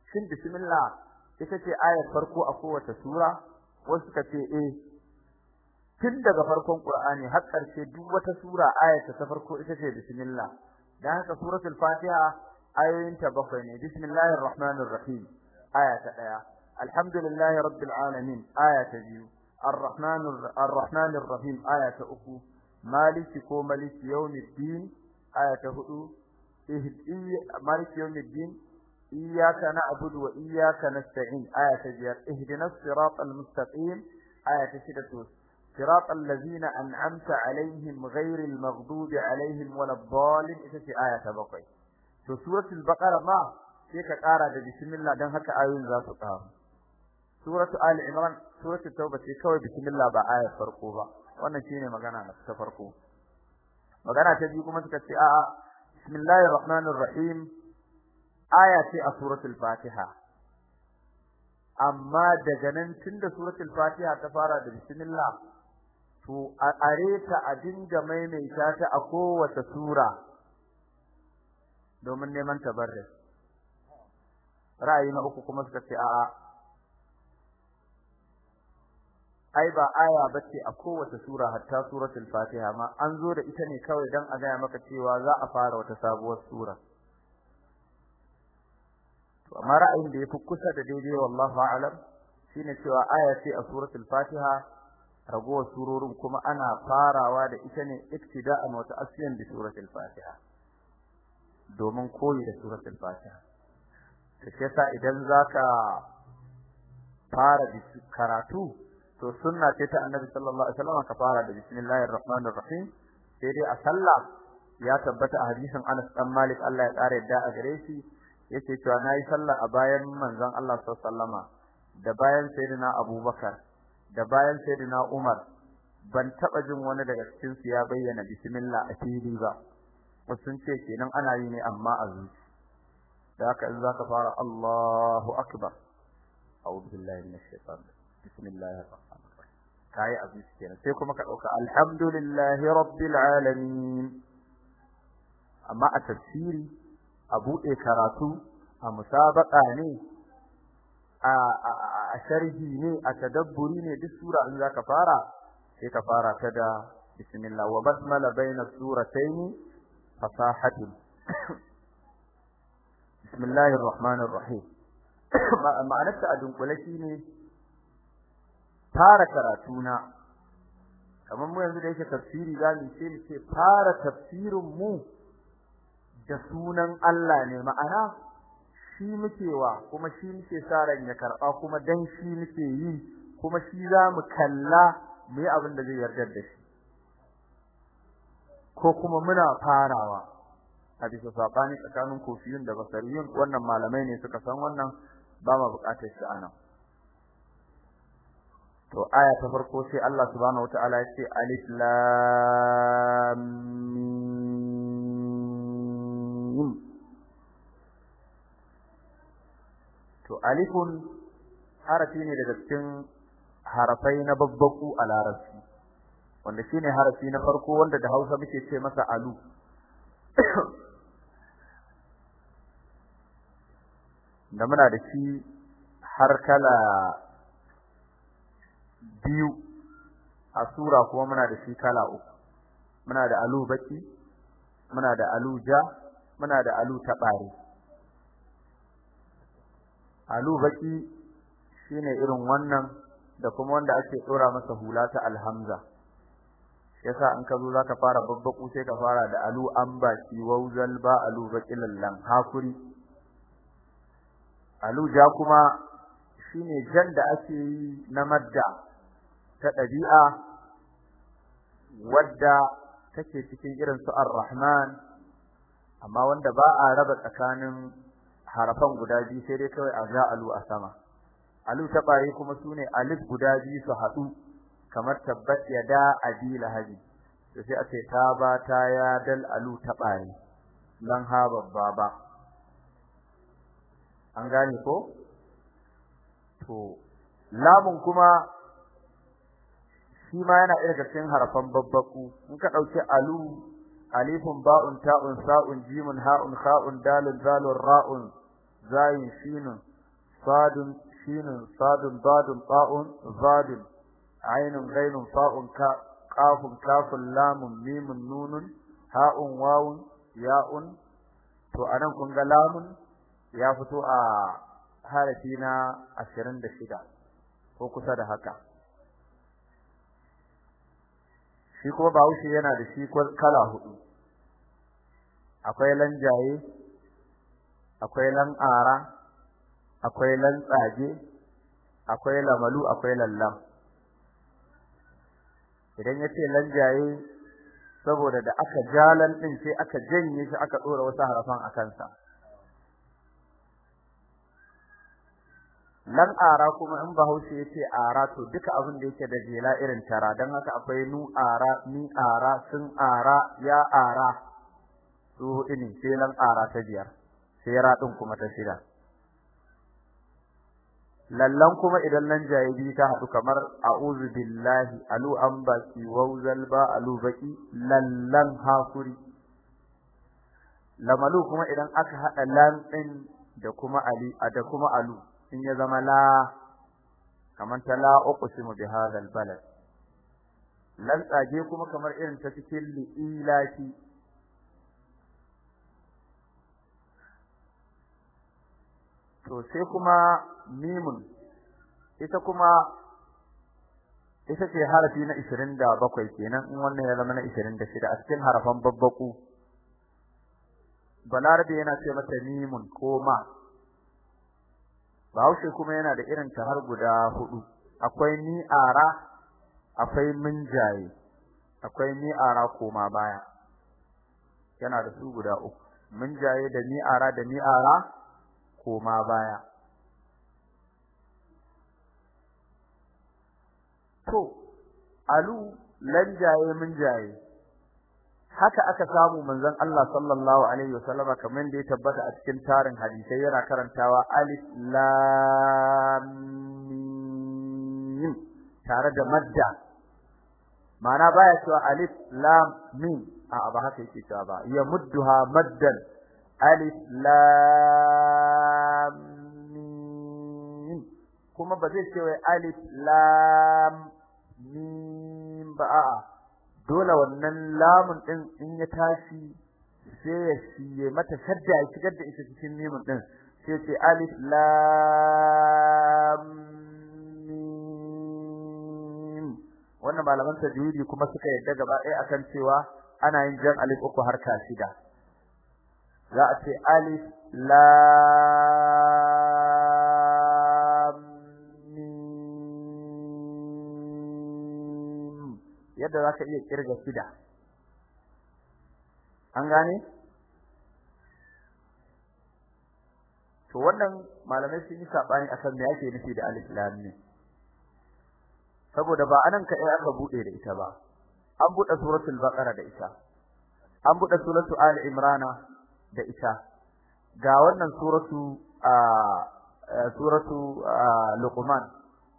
shin bismillah ita ce ayar farko a kowace sura wasu suka ce eh tun daga farkon Qur'ani har ƙarshe duk wata sura ayata ta farko ita ce bismillah dan haka suratul fatiha ta bakwai ne bismillahir rahmanir rahim ayata daya alhamdulillahi rabbil alamin ayata biyu arrahmanir arrahmanir rahim ayata uku maliki ko maliki yawmiddin ayata hudu ihdi maliki yawmiddin iyyaka na'budu wa iyyaka nasta'in ayata biyar ihdinas siratal mustaqim ayata shida صراط الذين أنعمت عليهم غير المغضوب عليهم ولا الضالين إذا في آية بقي to suratul baqara ma sai ka kara da bismillah dan haka ayoyin za su kawo suratul ali imran suratul tauba sai kawai bismillah ba ayar farko ba wannan shine magana ta farko magana ta biyu kuma suka ce a a aya ce a suratul fatiha amma daga nan tunda suratul fatiha ta fara da bismillah to a areta a dinga maimaita ta a kowace sura domin neman tabarruk ra'ayi na uku kuma suka ce a'a ai ba aya bace a kowace sura hatta suratul fatiha ma an zo da ita ne kawai dan a gaya maka cewa za a fara wata sabuwar sura to amma ra'ayin da yafi kusa da daidai wallahi a'lam shine cewa aya ce a suratul fatiha ragowar surorin kuma ana farawa da ita ne iktida'an wa ta'assiyan bi suratul fatiha domin koyi da suratul fatiha kace sa idan zaka fara karatu to sunna ce ta annabi sallallahu alaihi wasallam ka fara da bismillahir rahmanir rahim sai dai a sallah ya tabbata a hadisin Anas dan Malik Allah ya kare da a gare shi yace cewa nayi sallah a bayan manzon Allah sallallahu alaihi wasallama da bayan sayyidina Abubakar da bayan sayyidina Umar ban taba jin wani daga cikin su ya bayyana bismillah a fili ba sun ce kenan ana yi ne amma a zuci da haka in zaka fara Allahu akbar a'udhu billahi minash shaitanir bismillahir rahmanir rahim kai a zuci kenan sai kuma ka dauka alhamdulillahi rabbil alamin amma a tafsiri a bude karatu a musabaka ne a a sharhi ne a tadabburi ne duk sura in zaka fara sai ka fara ta da bismillah wa basmala baina suratayn fasahatin bismillahir rahmanir rahim ma'anarta a dunkule ne fara karatu na kamar mu yanzu da yake tafsiri zamu ce mu ce fara tafsirin mu da sunan Allah ne ma'ana shi muke wa kuma shi muke saran ya karba kuma dan shi muke yi kuma shi za mu kalla mu abin da zai yarda da shi ko kuma muna farawa a sabani tsakanin kofiyun da basariyun wannan malamai ne suka san wannan ba ma bukatar shi anan to aya ta farko sai Allah subhanahu wataala ya ce alif lam mim to alifun harafi ne daga cikin harafai na babbaku a larabci wanda shine harafi na farko wanda da Hausa muke ce masa alu da muna da shi har kala biyu a sura kuma muna da shi kala uku muna da alu baki muna da alu ja muna da alu tabari alu shine irin wannan da kuma wanda ake tsora masa hula ta alhamza yasa in ka zo zaka fara babbaku sai ka fara da alu an basi wauzal ba alu baki lan hakuri alu ja kuma shine jan da ake yi na madda ta dabi'a wadda take cikin irin su arrahman amma wanda ba a raba tsakanin harafan guda biyu sai dai kawai a za alu a sama alu ta bare kuma sune alif guda biyu su haɗu kamar tabbat yada abi lahadi, to sai a ce ta ba ta ya dal alu ta bare dan ha babba ba an gane ko to lamun kuma shi ma yana irin cikin harafan babbaku in ka dauki alu alifun ba'un ta'un sa'un jimun ha'un kha'un dalun zalun ra'un Zayin, shinun sadun shinun sadun badun ba'un zadin ainun gainun fa'un ka qafun kafun lamun mimun nunun ha'un wawun ya'un to anan kun ga lamun ya fito a harafi na 26 ko kusa da haka shi kuma bahaushe yana da shi kala hudu akwai lanjaye akwai lan lan'ara akwai lantsage akwai lamalu akwai lallam idan yace lanjaye saboda da aka jalan ɗin sai aka janye shi aka dora wasu harafan a kansa lan ara kuma in bahaushe yace ara to duka abin da yake da jela irin tara dan haka akwai nu ara ni ara sun ara ya ara su hudu ne sai lan ara ta biyar hira din kuma ta shida lallan kuma idan nan jayibi ta hadu kamar a'udhu billahi alu an baki wauzal ba alu baki lallan hakuri lamalu kuma idan aka hada lan din da kuma ali da kuma alu in ya zama la kamar ta la uqsimu bi hadha al balad lan tsage kuma kamar irin ta cikin li'ilaki to sai kuma mimun ita kuma ita ce harafi na 27 kenan in wannan ya zama na 26 a cikin harafan babbaku balarabe yana ce mata mimun ko ma bahaushe kuma yana da irin ta har guda hudu akwai ni'ara akwai minjaye akwai ni'ara koma baya yana da su guda uku minjaye da ni'ara da ni'ara koma baya to alu jaye min jaye haka aka samu manzon Allah sallallahu alaihi wasallama kamar da ya tabbata a cikin tarin hadisai yana karantawa alif lamin tare da madda ma'ana baya cewa alif lamin a ba haka yake cewa ba ya mudduha maddan alif lamin. kuma ba zai ce wai alif lam mim ba a'a dole wannan lamun din in ya tashi sai ya shiye mata shadda ya shigar da ita cikin mimun din sai ce alif lam mim wannan malaman tajwidi kuma suka yadda gaba ɗaya akan cewa ana yin jan alif uku har ka shiga, za a ce alif lam yadda za ka iya kirga shida an gane to wannan malamai sun yi sabani akan me yake nufi da al lam ne saboda ba anan ka ai aka bude da ita ba an bude suratul baqara da ita an bude suratul ali imrana da ita ga wannan suratu a suratu luqman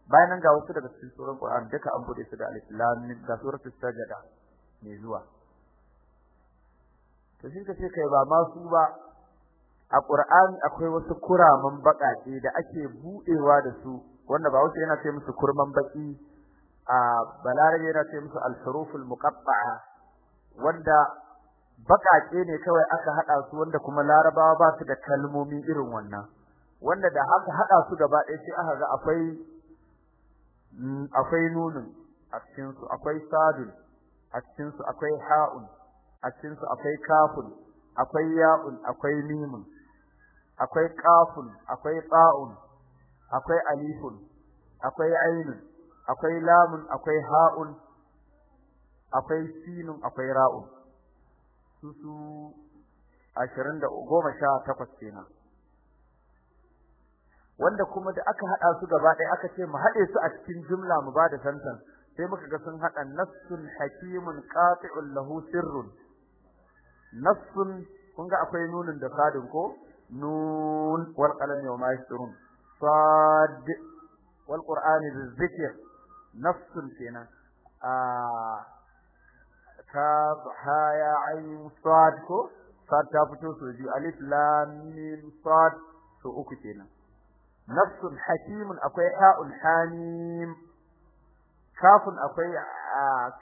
bayan ga wasu daga cikin surar Qur'an duka an bude su da alif lam mim da surar mai zuwa to shi kace kai ba ma su ba a Qur'an akwai wasu kuraman bakace da ake budewa da su wanda ba wasu yana ce musu kurman baki a balarabe yana ce musu al-huruful muqatta'a wanda bakace ne kawai aka hada su wanda kuma larabawa ba su da kalmomi irin wannan wanda da haka hada su gaba ɗaya sai aka ga akwai Mm, akwai nunun a cikin su akwai sadun a cikin su akwai ha'un a cikin su akwai kafun akwai ya'un akwai mimun akwai qafun akwai ta'un akwai alifun akwai ainun akwai lamun akwai ha'un akwai sinun akwai ra'un su su 20 da 18 kenan wanda kuma da aka hada su gaba ɗaya aka ce mu hade su a cikin jumla mu bada santan sai muka ga sun hada nassun hakimun qati'un lahu sirrun nassun kun ga akwai nunin da sadin ko nun wal qalam yawma yasrun sad wal qur'an bizikr nassun kenan a ta ya, ayn sad ko sad ta fito su ji alif lam mim sad su uku kenan nafsun hakimun akwai ha'ul hamim kafun akwai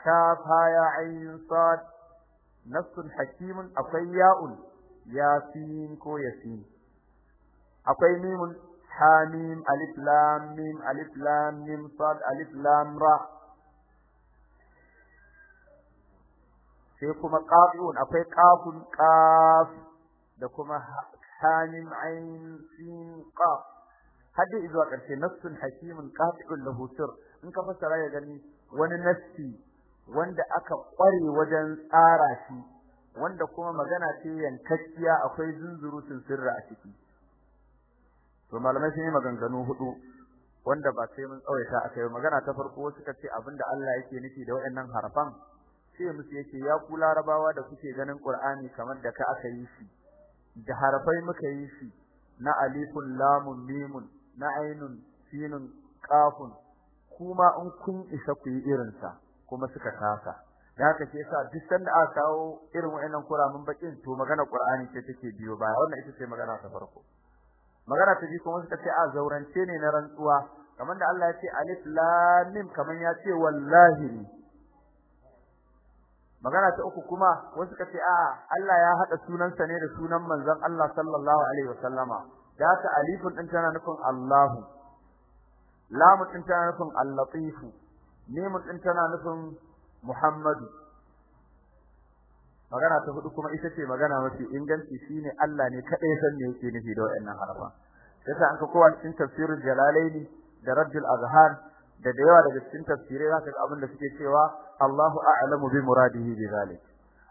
kafa ya ayin sad nafsun hakimun akwai ya'ul yasin ko yasin akwai mimun hamim alif lam alif lam mim alif lam sai kuma qafun akwai qafun qaf da kuma hamim ain sin qaf hadda zuwa karshe nafsun hakimin qati'un lahutur in ka fassara ya gani wani nafsi wanda aka kware wajen tsara shi wanda kuma magana ce yankakkiya akwai zunzurutun sirra a ciki to malamai sun yi maganganu hudu wanda ba sai mun tsawaita akai magana ta farko suka ce abinda Allah yake nufi da waɗannan harfan sai musu yake ya ku larabawa da kuke ganin Qur'ani kamar da ka aka yi shi da harfai muka yi shi na alifun lamun mimun na ainun sinun kafun kuma in kun isa ku yi irin kuma suka kasa ya haka sa duk sanda aka kawo irin wayannan kuramin bakin to magana Qur'ani ce take biyo baya wannan ita ce magana ta farko magana ta biyu kuma suka ce a zaurance ne na rantsuwa kamar da Allah ya ce alif lam mim kamar ya ce wallahi magana ta uku kuma wasu suka ce a Allah ya hada sunan sa ne da sunan manzon Allah sallallahu alaihi wasallama da haka alifun din tana nufin Allahu lamu din tana nufin al-latif mimun din tana nufin Muhammadu magana ta hudu kuma ita ce magana mafi inganci shine Allah ne kadai san me yake nufi da wannan harfa yasa an ka kowa cikin tafsirul jalalaini da rajul azhar da da yawa daga cikin tafsirai zaka ga abin da suke cewa Allahu a'lamu bi muradihi bi zalik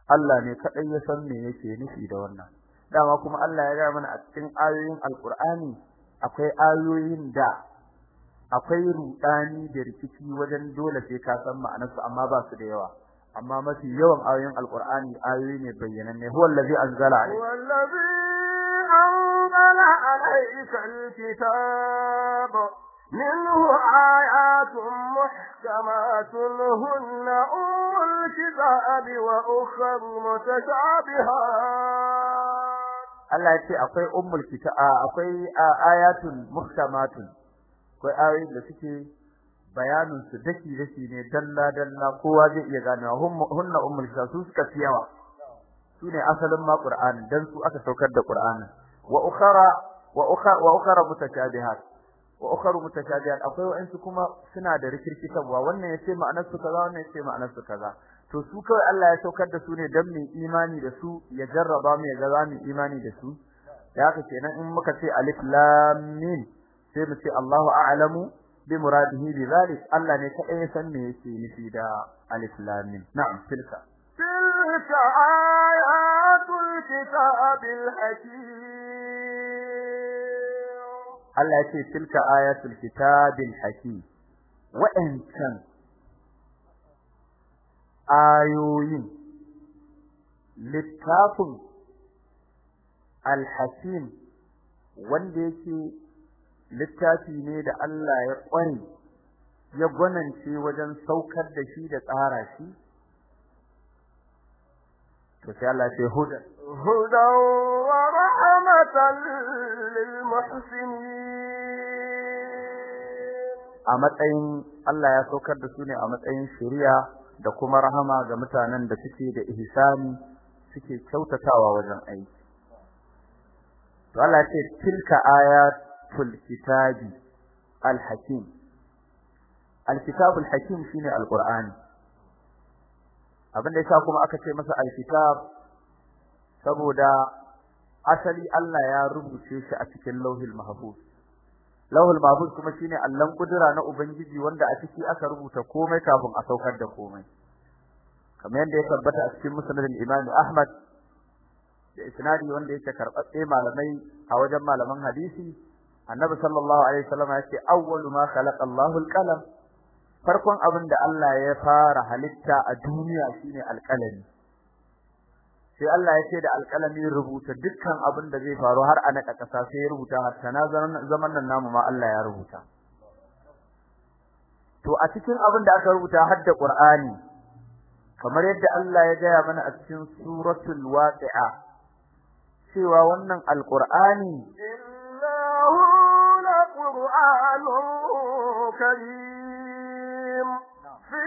Allah ne kadai ya san me yake nufi da wannan dama kuma Allah ya ga mana a cikin ayoyin alqur'ani akwai ayoyin da akwai rudani da rikici wajen dole sai ka san ma'anarsu amma ba su da yawa amma mafi yawan ayoyin alqur'ani ayoyi ne bayyananne huwal ladzi anzala alayka huwal ladzi anzala alayka alkitaba منه آيات محكمات هن أم الكتاب وأخر متشابهات Allah ya ce akwai ummul kita akwai ayatul muhkamatun akwai ayoyin da suke bayanin su daki daki ne dalla dalla kowa zai iya ganewa hunna ummul kita su suka fi yawa ne asalin ma Qur'ani dan su aka saukar da Qur'ani wa ukhara wa ukhara wa ukhara mutashabihat wa ukhara mutashabihat akwai wa'ansu kuma suna da rikirkitarwa wannan yace ma'anar su kaza wannan yace ma'anar su kaza to su kawai Allah ya saukar da su ne dan mu imani da su ya jarraba mu ya ga za imani da su ya ka kenan in muka ce alif lam mim sai mu ce Allahu a'lamu bi muradihi bi zalik Allah ne ta ya san me yake nufi da alif lam mim na'am tilka tilka ayatul kitabil hakim Allah ya ce tilka ayatul kitabil hakim wa'ancan ayoyin littafin al wanda yake littafi ne da Allah ya kware ya gwanance wajen saukar da shi da tsara shi to sai Allah ya huda huda wa rahmatan lil muhsinin a matsayin Allah ya saukar da su ne a matsayin shari'a da kuma rahama ga mutanen da suke da ihsani suke kyautatawa wajen aiki to Allah ce tilka ayatul kitabi alhakim alkitabul hakim shine alqur'ani abinda yasa kuma aka ce masa alkitab saboda asali Allah ya rubuce shi a cikin lauhil mahfuz lawul mahfuz kuma shine allan kudura na ubangiji wanda a ciki aka rubuta komai kafin a saukar da komai kamar yadda ya tabbata a cikin musnad al-imam ahmad da isnadi wanda yake karbatse malamai a wajen malaman hadisi annabi sallallahu alaihi wasallam yake awwalu ma khalaqa Allahu al-qalam farkon abin da Allah ya fara halitta a duniya shine alqalami sai Allah ya ce da alƙalami rubuta dukkan abin da zai faru har a naka kasa sai ya rubuta har zaman nan namu ma Allah ya rubuta to a cikin abin da aka rubuta har da Qur'ani kamar yadda Allah ya gaya mana a cikin suratul waqi'a cewa wannan alqur'ani illahu laqur'anun karim fi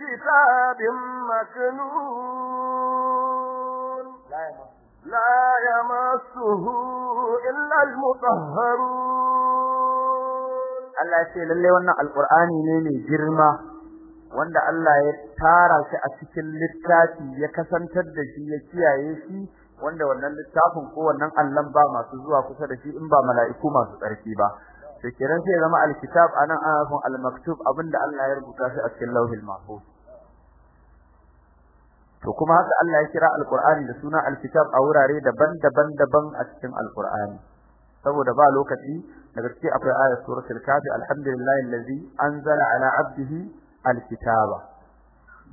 kitabin maknun لا يمسه إلا المطهرون الله يقول لله وأن القرآن wanda Allah ya tara shi a cikin littafi ya kasantar da shi ya kiyaye shi wanda wannan littafin ko wannan Allah ba masu zuwa kusa da shi in ba mala'iku masu tsarki ba da kiran sai zama alkitab anan ana son almaktub abinda Allah ya rubuta shi a cikin lauhil mahfuz to kuma haka Allah ya kira alqur'ani da suna alkitab a wurare daban-daban daban a cikin alqur'ani saboda ba lokaci daga cikin akwai ayat suratul kafi alhamdulillahi allazi anzala ala abdihi alkitaba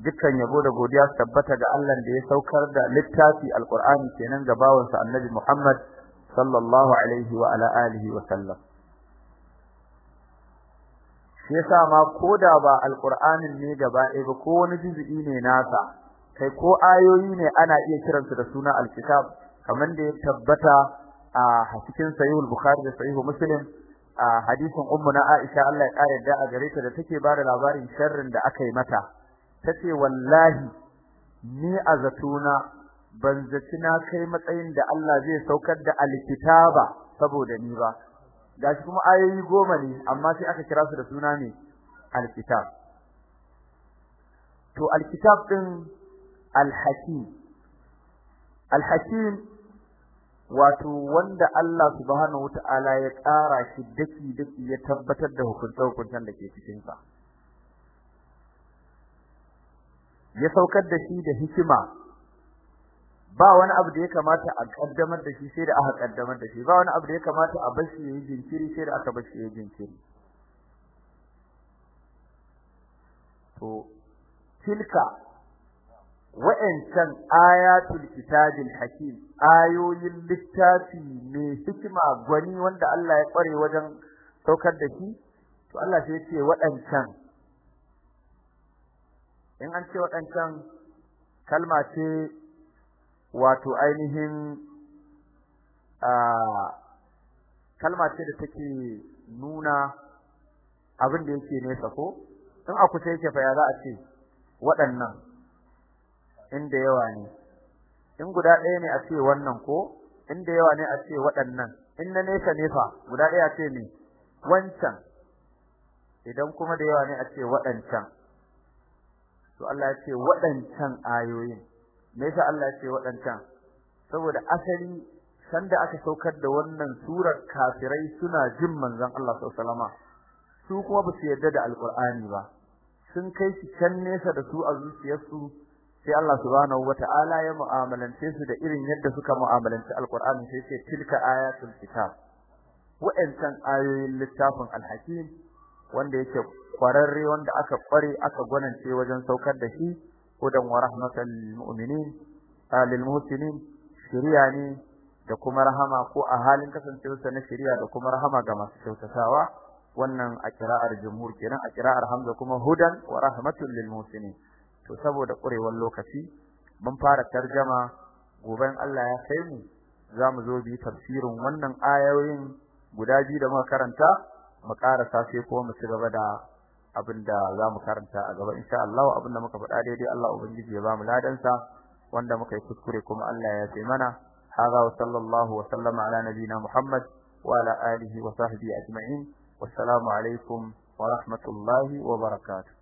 dukkan yabo da godiya tabbata ga Allah da ya saukar da littafi alqur'ani kenan ga bawansa annabi Muhammad sallallahu alaihi wa ala alihi wa sallam shi yasa ma koda ba alqur'anin ne gaba ɗaya ba ko wani juz'i ne nasa kai ko ayoyi ne ana iya kiransu da suna alkitab kamar da ya tabbata a cikin sahih bukhari da sahih muslim a hadisin ummu na aisha Allah ya kare da a gare ta da take ba da labarin sharrin da aka yi mata tace wallahi ni azatuna ban zaci na kai matsayin da Allah zai saukar da alkitaba saboda ni ba gashi kuma ayoyi goma ne amma sai aka kira su da suna ne alkitab to alkitab din al-hakim wato wanda Allah subhanahu wataala ya ƙara shi daki daki ya tabbatar da hukuncin da ke cikin sa ya saukar da shi da hikima ba wani abu da ya kamata a kaddamar da shi sai da aka kaddamar da shi ba wani abu da ya kamata a bar shi yayin jinkiri sai da aka bar shi yayin jinkiri to tilka wa'ancan ayatul kitabil hakim ayoyin littafi mai hikima gwani wanda Allah ya kware wajen saukar da shi to Allah sai ce waɗancan in an ce waɗancan kalma ce wato ainihin a kalma ce da take nuna abin da yake nesa ko in aku sai yake fa ya za a ce waɗannan inda yawa ne in guda ɗaya ne a ce wannan ko inda yawa ne a ce waɗannan in na nesa nefa guda ɗaya a ce ne. wancan idan kuma da yawa ne a ce waɗancan to Allah ya ce waɗancan ayoyin me yasa Allah ya ce waɗancan saboda asali sanda aka saukar da wannan surar kafirai suna jin manzon Allah sallallahu alaihi su kuma ba su yarda da alqur'ani ba sun kai shi can nesa da su a zuciyarsu sai Allah subhanahu wata'ala ya mu'amalance su da irin yadda suka mu'amalanci alqur'ani sai ce tilka ayatul kitab wa'ancan ayoyin littafin alhakim wanda yake kwararre wanda aka kware aka gwanance wajen saukar da shi hudan wa rahmatan lil mu'minin lil muslimin shiriya ne da kuma rahama ko a halin kasancewarsa na shiriya da kuma rahama ga masu kyautatawa wannan a kira'ar jumhur kenan a kira'ar hamza kuma hudan wa rahmatul lil muslimin to saboda kurewar lokaci mun fara tarjuma goben Allah ya kai mu zamu zo bi tafsirin wannan ayoyin guda biyu da muka karanta mu karasa sai kuma mu ci gaba da abinda zamu karanta a gaba insha Allah abinda muka faɗa daidai Allah ubangiji ya bamu ladansa wanda muka yi kuskure kuma Allah ya yi mana hada wa sallallahu wa sallama ala nabina Muhammad wa ala alihi wa sahbihi ajma'in wassalamu alaikum wa rahmatullahi wa barakatuh